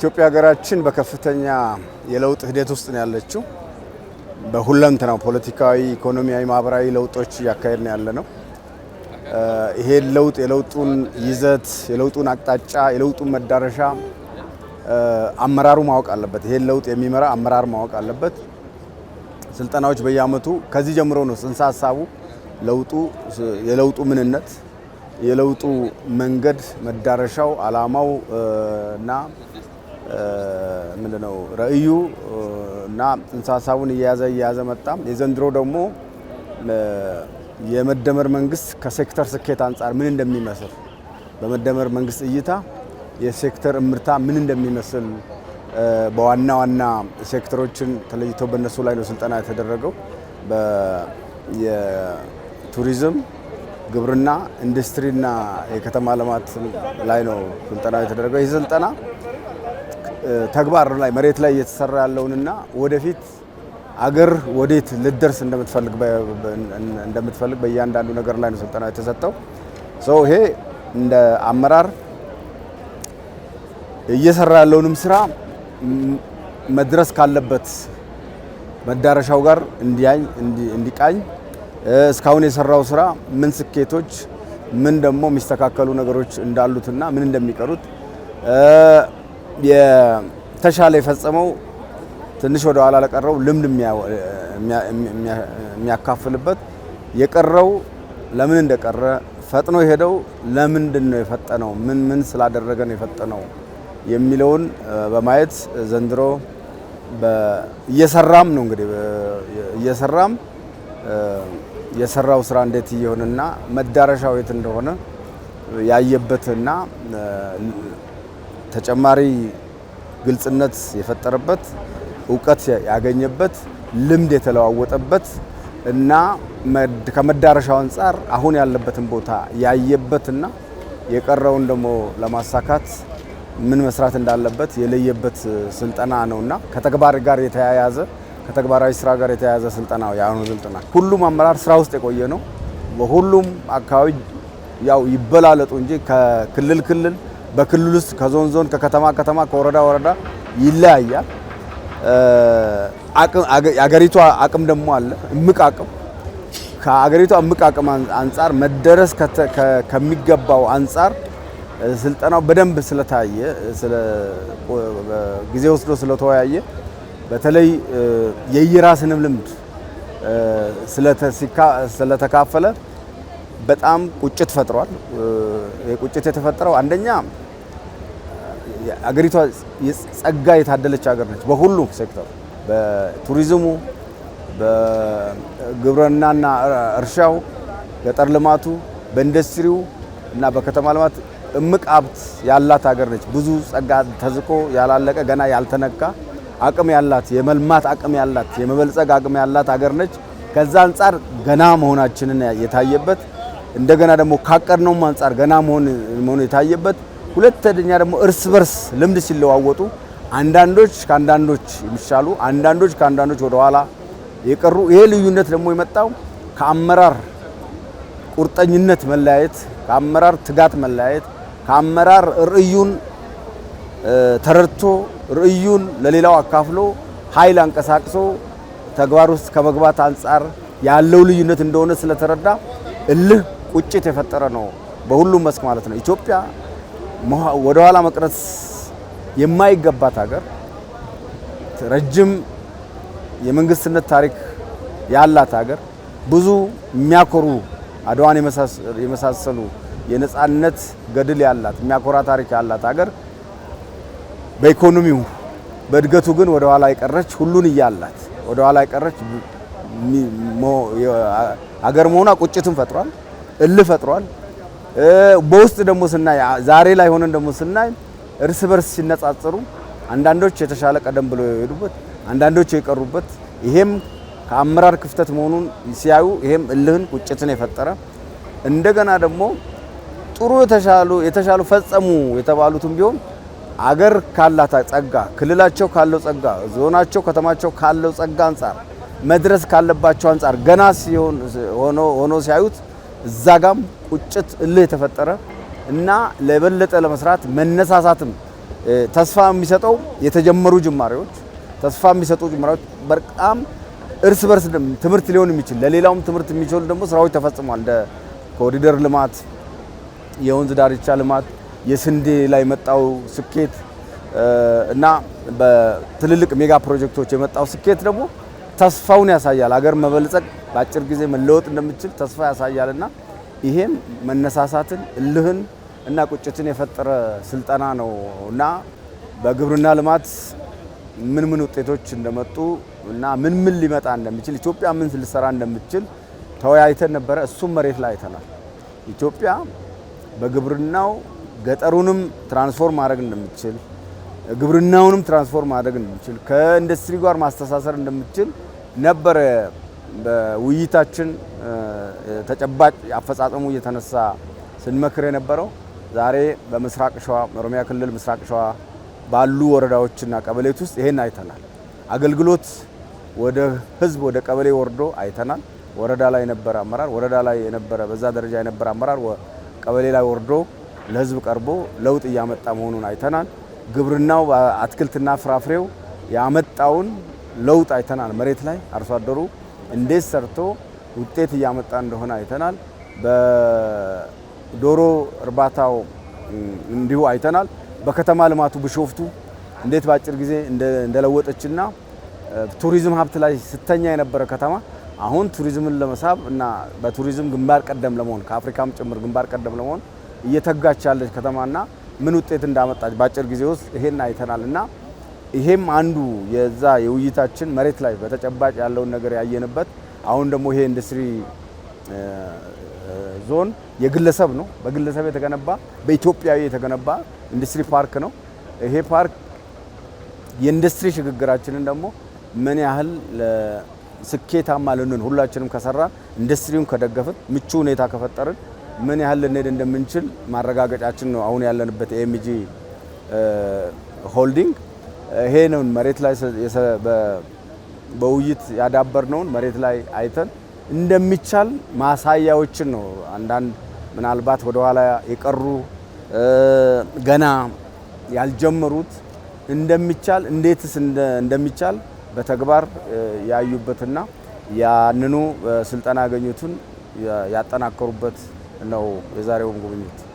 ኢትዮጵያ ሀገራችን በከፍተኛ የለውጥ ሂደት ውስጥ ነው ያለችው። ነው ፖለቲካዊ፣ ኢኮኖሚያዊ፣ ማህበራዊ ለውጦች እያካሄድ ነው ያለ ነው። ይሄ ለውጥ የለውጡን ይዘት፣ የለውጡን አቅጣጫ፣ የለውጡን መዳረሻ አመራሩ ማወቅ አለበት። ይሄን ለውጥ የሚመራ አመራር ማወቅ አለበት። ስልጠናዎች በየአመቱ ከዚህ ጀምሮ ነው ጽንሰ ሀሳቡ ለውጡ የለውጡ ምንነት፣ የለውጡ መንገድ፣ መዳረሻው፣ አላማው እና ምንድነው ራዕዩ እና ጽንሰ ሀሳቡን እየያዘ እየያዘ መጣ። የዘንድሮ ደግሞ የመደመር መንግስት ከሴክተር ስኬት አንጻር ምን እንደሚመስል በመደመር መንግስት እይታ የሴክተር እምርታ ምን እንደሚመስል በዋና ዋና ሴክተሮችን ተለይቶ በእነሱ ላይ ነው ስልጠና የተደረገው። የቱሪዝም፣ ግብርና፣ ኢንዱስትሪና የከተማ ልማት ላይ ነው ስልጠና የተደረገው። ይህ ስልጠና ተግባር ላይ መሬት ላይ እየተሰራ ያለውንና ወደፊት አገር ወዴት ልደርስ እንደምትፈልግ በእያንዳንዱ ነገር ላይ ነው ስልጠና የተሰጠው። ሰው ይሄ እንደ አመራር እየሰራ ያለውንም ስራ መድረስ ካለበት መዳረሻው ጋር እንዲያኝ እንዲቃኝ እስካሁን የሰራው ስራ ምን ስኬቶች ምን ደግሞ የሚስተካከሉ ነገሮች እንዳሉትና ምን እንደሚቀሩት የተሻለ የፈጸመው ትንሽ ወደ ኋላ ለቀረው ልምድ የሚያካፍልበት የቀረው ለምን እንደቀረ ፈጥኖ የሄደው ለምንድን ነው የፈጠነው፣ ምን ምን ስላደረገ ነው የፈጠነው የሚለውን በማየት ዘንድሮ እየሰራም ነው እንግዲህ እየሰራም የሰራው ስራ እንዴት እየሆነና መዳረሻው የት እንደሆነ ያየበትና ተጨማሪ ግልጽነት የፈጠረበት እውቀት ያገኘበት ልምድ የተለዋወጠበት እና ከመዳረሻው አንጻር አሁን ያለበትን ቦታ ያየበትና የቀረውን ደግሞ ለማሳካት ምን መስራት እንዳለበት የለየበት ስልጠና ነውና ከተግባር ጋር የተያያዘ ከተግባራዊ ስራ ጋር የተያያዘ ስልጠና የአሁኑ ስልጠና ሁሉም አመራር ስራ ውስጥ የቆየ ነው። በሁሉም አካባቢ ያው ይበላለጡ እንጂ ከክልል ክልል በክልል ውስጥ ከዞን ዞን፣ ከከተማ ከተማ፣ ከወረዳ ወረዳ ይለያያል። የአገሪቷ አቅም ደግሞ አለ እምቅ አቅም ከአገሪቷ እምቅ አቅም አንጻር መደረስ ከሚገባው አንጻር ስልጠናው በደንብ ስለታየ ጊዜ ወስዶ ስለተወያየ በተለይ የየራስንም ልምድ ስለተካፈለ በጣም ቁጭት ፈጥሯል። ቁጭት የተፈጠረው አንደኛ አገሪቷ የጸጋ የታደለች ሀገር ነች። በሁሉም ሴክተር በቱሪዝሙ፣ በግብርናና እርሻው፣ ገጠር ልማቱ፣ በኢንዱስትሪው እና በከተማ ልማት እምቅ ሀብት ያላት ሀገር ነች። ብዙ ጸጋ ተዝቆ ያላለቀ ገና ያልተነካ አቅም ያላት የመልማት አቅም ያላት የመበልጸግ አቅም ያላት ሀገር ነች። ከዛ አንጻር ገና መሆናችንን የታየበት እንደገና ደግሞ ካቀድነውም አንጻር ገና መሆኑ የታየበት፣ ሁለተኛ ደግሞ እርስ በርስ ልምድ ሲለዋወጡ አንዳንዶች ከአንዳንዶች የሚሻሉ አንዳንዶች ከአንዳንዶች ወደኋላ የቀሩ ይሄ ልዩነት ደግሞ የመጣው ከአመራር ቁርጠኝነት መለያየት፣ ከአመራር ትጋት መለያየት፣ ከአመራር ርዕዩን ተረድቶ ርዕዩን ለሌላው አካፍሎ ኃይል አንቀሳቅሶ ተግባር ውስጥ ከመግባት አንጻር ያለው ልዩነት እንደሆነ ስለተረዳ እልህ ቁጭት የፈጠረ ነው፣ በሁሉም መስክ ማለት ነው። ኢትዮጵያ ወደኋላ መቅረት የማይገባት ሀገር፣ ረጅም የመንግስትነት ታሪክ ያላት ሀገር፣ ብዙ የሚያኮሩ አድዋን የመሳሰሉ የነጻነት ገድል ያላት የሚያኮራ ታሪክ ያላት ሀገር በኢኮኖሚው በእድገቱ ግን ወደ ኋላ የቀረች ሁሉን እያላት ወደ ኋላ የቀረች ሀገር መሆኗ ቁጭትን ፈጥሯል። እልህ ፈጥሯል። በውስጥ ደግሞ ስናይ ዛሬ ላይ ሆነን ደግሞ ስናይ እርስ በርስ ሲነጻጸሩ አንዳንዶች የተሻለ ቀደም ብለው የሄዱበት፣ አንዳንዶች የቀሩበት ይሄም ከአመራር ክፍተት መሆኑን ሲያዩ ይሄም እልህን ቁጭትን የፈጠረ እንደገና ደግሞ ጥሩ የተሻሉ የተሻሉ ፈጸሙ የተባሉትም ቢሆን አገር ካላት ጸጋ ክልላቸው ካለው ጸጋ ዞናቸው ከተማቸው ካለው ጸጋ አንጻር መድረስ ካለባቸው አንጻር ገና ሆኖ ሲያዩት እዛ ጋም ቁጭት እልህ የተፈጠረ እና ለበለጠ ለመስራት መነሳሳትም ተስፋ የሚሰጠው የተጀመሩ ጅማሬዎች ተስፋ የሚሰጡ ጅማሬዎች በጣም እርስ በርስ ትምህርት ሊሆን የሚችል ለሌላውም ትምህርት የሚችሉ ደግሞ ስራዎች ተፈጽሟል። እንደ ኮሪደር ልማት፣ የወንዝ ዳርቻ ልማት፣ የስንዴ ላይ የመጣው ስኬት እና በትልልቅ ሜጋ ፕሮጀክቶች የመጣው ስኬት ደግሞ ተስፋውን ያሳያል። አገር መበልጸግ በአጭር ጊዜ መለወጥ እንደምችል ተስፋ ያሳያልና ይሄም መነሳሳትን እልህን እና ቁጭትን የፈጠረ ስልጠና ነው እና በግብርና ልማት ምን ምን ውጤቶች እንደመጡ እና ምን ምን ሊመጣ እንደሚችል ኢትዮጵያ ምን ልሰራ እንደምችል ተወያይተን ነበረ። እሱም መሬት ላይ አይተናል። ኢትዮጵያ በግብርናው ገጠሩንም ትራንስፎርም ማድረግ እንደምችል፣ ግብርናውንም ትራንስፎርም ማድረግ እንደምችል ከኢንዱስትሪ ጋር ማስተሳሰር እንደምችል ነበር በውይይታችን ተጨባጭ አፈጻጸሙ እየተነሳ ስንመክር የነበረው። ዛሬ በምስራቅ ሸዋ ኦሮሚያ ክልል ምስራቅ ሸዋ ባሉ ወረዳዎችና ቀበሌዎች ውስጥ ይሄን አይተናል። አገልግሎት ወደ ህዝብ ወደ ቀበሌ ወርዶ አይተናል። ወረዳ ላይ የነበረ አመራር ወረዳ ላይ የነበረ በዛ ደረጃ የነበረ አመራር ቀበሌ ላይ ወርዶ ለህዝብ ቀርቦ ለውጥ እያመጣ መሆኑን አይተናል። ግብርናው አትክልትና ፍራፍሬው ያመጣውን ለውጥ አይተናል። መሬት ላይ አርሶ አደሩ እንዴት ሰርቶ ውጤት እያመጣ እንደሆነ አይተናል። በዶሮ እርባታው እንዲሁ አይተናል። በከተማ ልማቱ ብሾፍቱ እንዴት በአጭር ጊዜ እንደለወጠችና ቱሪዝም ሀብት ላይ ስተኛ የነበረ ከተማ አሁን ቱሪዝምን ለመሳብ እና በቱሪዝም ግንባር ቀደም ለመሆን ከአፍሪካም ጭምር ግንባር ቀደም ለመሆን እየተጋች ያለች ከተማና ምን ውጤት እንዳመጣች በአጭር ጊዜ ውስጥ ይሄን አይተናል እና ይሄም አንዱ የዛ የውይይታችን መሬት ላይ በተጨባጭ ያለውን ነገር ያየንበት። አሁን ደግሞ ይሄ ኢንዱስትሪ ዞን የግለሰብ ነው፣ በግለሰብ የተገነባ በኢትዮጵያዊ የተገነባ ኢንዱስትሪ ፓርክ ነው። ይሄ ፓርክ የኢንዱስትሪ ሽግግራችንን ደግሞ ምን ያህል ስኬታማ ልንን ሁላችንም ከሰራ ኢንዱስትሪውን ከደገፍን ምቹ ሁኔታ ከፈጠርን ምን ያህል ልንሄድ እንደምንችል ማረጋገጫችን ነው አሁን ያለንበት ኤምጂ ሆልዲንግ ይሄ ነው መሬት ላይ በውይይት ያዳበርነውን መሬት ላይ አይተን እንደሚቻል ማሳያዎችን ነው። አንዳንድ ምናልባት ወደኋላ የቀሩ ገና ያልጀመሩት እንደሚቻል እንዴትስ እንደሚቻል በተግባር ያዩበትና ያንኑ ስልጠና ያገኙትን ያጠናከሩበት ነው የዛሬውን ጉብኝት።